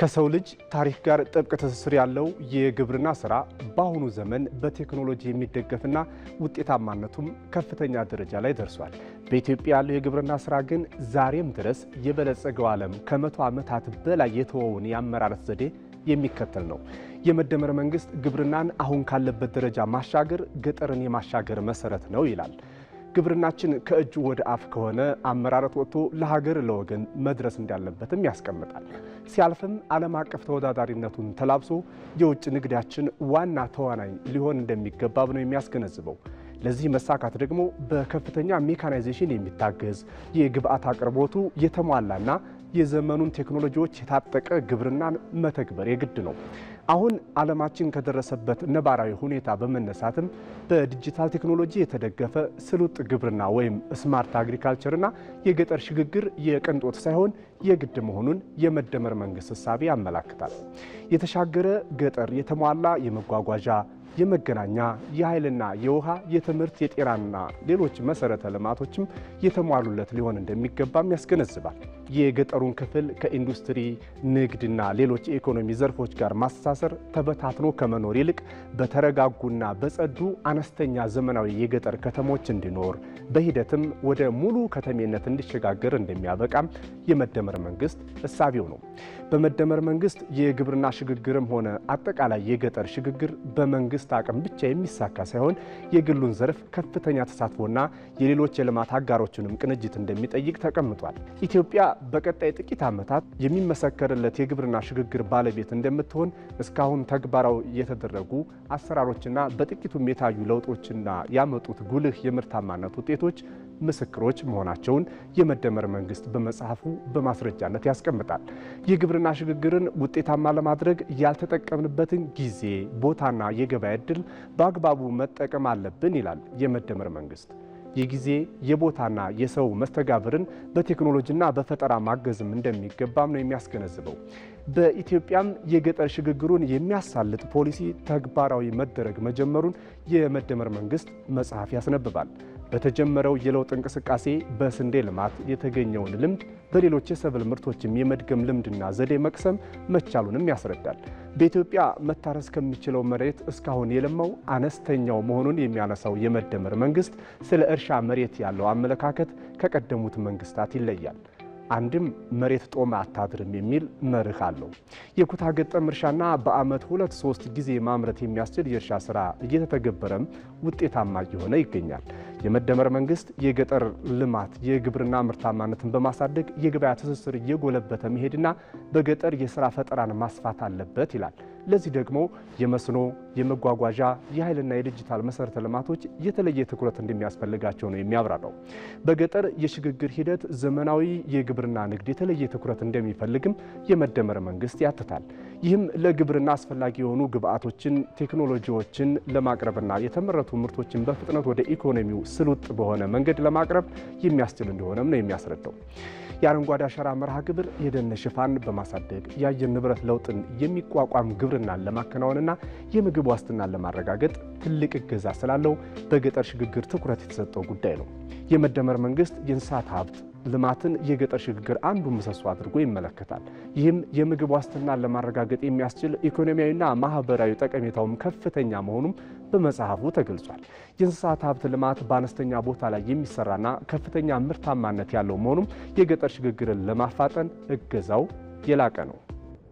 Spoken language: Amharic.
ከሰው ልጅ ታሪክ ጋር ጥብቅ ትስስር ያለው የግብርና ስራ በአሁኑ ዘመን በቴክኖሎጂ የሚደገፍና ውጤታማነቱም ከፍተኛ ደረጃ ላይ ደርሷል። በኢትዮጵያ ያለው የግብርና ስራ ግን ዛሬም ድረስ የበለጸገው ዓለም ከመቶ ዓመታት በላይ የተወውን የአመራረት ዘዴ የሚከተል ነው። የመደመር መንግስት ግብርናን አሁን ካለበት ደረጃ ማሻገር ገጠርን የማሻገር መሰረት ነው ይላል። ግብርናችን ከእጅ ወደ አፍ ከሆነ አመራረት ወጥቶ ለሀገር ለወገን መድረስ እንዳለበትም ያስቀምጣል። ሲያልፍም ዓለም አቀፍ ተወዳዳሪነቱን ተላብሶ የውጭ ንግዳችን ዋና ተዋናይ ሊሆን እንደሚገባብ ነው የሚያስገነዝበው። ለዚህ መሳካት ደግሞ በከፍተኛ ሜካናይዜሽን የሚታገዝ የግብአት አቅርቦቱ የተሟላና የዘመኑን ቴክኖሎጂዎች የታጠቀ ግብርናን መተግበር የግድ ነው። አሁን ዓለማችን ከደረሰበት ነባራዊ ሁኔታ በመነሳትም በዲጂታል ቴክኖሎጂ የተደገፈ ስሉጥ ግብርና ወይም ስማርት አግሪካልቸርና የገጠር ሽግግር የቅንጦት ሳይሆን የግድ መሆኑን የመደመር መንግስት እሳቤ ያመላክታል። የተሻገረ ገጠር የተሟላ የመጓጓዣ የመገናኛ፣ የኃይልና የውሃ፣ የትምህርት፣ የጤናና ሌሎች መሰረተ ልማቶችም የተሟሉለት ሊሆን እንደሚገባም ያስገነዝባል። የገጠሩን ክፍል ከኢንዱስትሪ ንግድና ሌሎች የኢኮኖሚ ዘርፎች ጋር ማስተሳሰር ተበታትኖ ከመኖር ይልቅ በተረጋጉና በጸዱ አነስተኛ ዘመናዊ የገጠር ከተሞች እንዲኖር በሂደትም ወደ ሙሉ ከተሜነት እንዲሸጋገር እንደሚያበቃም የመደመር መንግስት እሳቢው ነው። በመደመር መንግስት የግብርና ሽግግርም ሆነ አጠቃላይ የገጠር ሽግግር በመንግስት በመንግስት አቅም ብቻ የሚሳካ ሳይሆን የግሉን ዘርፍ ከፍተኛ ተሳትፎና የሌሎች የልማት አጋሮችንም ቅንጅት እንደሚጠይቅ ተቀምጧል። ኢትዮጵያ በቀጣይ ጥቂት ዓመታት የሚመሰከርለት የግብርና ሽግግር ባለቤት እንደምትሆን እስካሁን ተግባራዊ የተደረጉ አሰራሮችና በጥቂቱም የታዩ ለውጦችና ያመጡት ጉልህ የምርታማነት ውጤቶች ምስክሮች መሆናቸውን የመደመር መንግስት በመጽሐፉ በማስረጃነት ያስቀምጣል። የግብርና ሽግግርን ውጤታማ ለማድረግ ያልተጠቀምንበትን ጊዜ፣ ቦታና የገበያ እድል በአግባቡ መጠቀም አለብን ይላል የመደመር መንግስት። የጊዜ የቦታና የሰው መስተጋብርን በቴክኖሎጂና በፈጠራ ማገዝም እንደሚገባም ነው የሚያስገነዝበው። በኢትዮጵያም የገጠር ሽግግሩን የሚያሳልጥ ፖሊሲ ተግባራዊ መደረግ መጀመሩን የመደመር መንግስት መጽሐፍ ያስነብባል። በተጀመረው የለውጥ እንቅስቃሴ በስንዴ ልማት የተገኘውን ልምድ በሌሎች የሰብል ምርቶችም የመድገም ልምድና ዘዴ መቅሰም መቻሉንም ያስረዳል። በኢትዮጵያ መታረስ ከሚችለው መሬት እስካሁን የለማው አነስተኛው መሆኑን የሚያነሳው የመደመር መንግስት ስለ እርሻ መሬት ያለው አመለካከት ከቀደሙት መንግስታት ይለያል። አንድም መሬት ጦም አታድርም የሚል መርህ አለው። የኩታ ገጠም እርሻና በዓመት ሁለት ሶስት ጊዜ ማምረት የሚያስችል የእርሻ ስራ እየተተገበረም ውጤታማ እየሆነ ይገኛል። የመደመር መንግስት የገጠር ልማት የግብርና ምርታማነትን በማሳደግ የገበያ ትስስር እየጎለበተ መሄድና በገጠር የስራ ፈጠራን ማስፋት አለበት ይላል። ለዚህ ደግሞ የመስኖ የመጓጓዣ የኃይልና የዲጂታል መሰረተ ልማቶች የተለየ ትኩረት እንደሚያስፈልጋቸው ነው የሚያብራራው። በገጠር የሽግግር ሂደት ዘመናዊ የግብርና ንግድ የተለየ ትኩረት እንደሚፈልግም የመደመር መንግስት ያትታል። ይህም ለግብርና አስፈላጊ የሆኑ ግብዓቶችን፣ ቴክኖሎጂዎችን ለማቅረብና የተመረቱ ምርቶችን በፍጥነት ወደ ኢኮኖሚው ስልውጥ በሆነ መንገድ ለማቅረብ የሚያስችል እንደሆነም ነው የሚያስረዳው። የአረንጓዴ አሻራ መርሃ ግብር የደን ሽፋን በማሳደግ የአየር ንብረት ለውጥን የሚቋቋም ግብርናን ለማከናወንና የምግብ የምግብ ዋስትናን ለማረጋገጥ ትልቅ እገዛ ስላለው በገጠር ሽግግር ትኩረት የተሰጠው ጉዳይ ነው። የመደመር መንግስት የእንስሳት ሀብት ልማትን የገጠር ሽግግር አንዱ ምሰሶ አድርጎ ይመለከታል። ይህም የምግብ ዋስትናን ለማረጋገጥ የሚያስችል ኢኮኖሚያዊና ማህበራዊ ጠቀሜታውም ከፍተኛ መሆኑም በመጽሐፉ ተገልጿል። የእንስሳት ሀብት ልማት በአነስተኛ ቦታ ላይ የሚሰራና ከፍተኛ ምርታማነት ያለው መሆኑም የገጠር ሽግግርን ለማፋጠን እገዛው የላቀ ነው።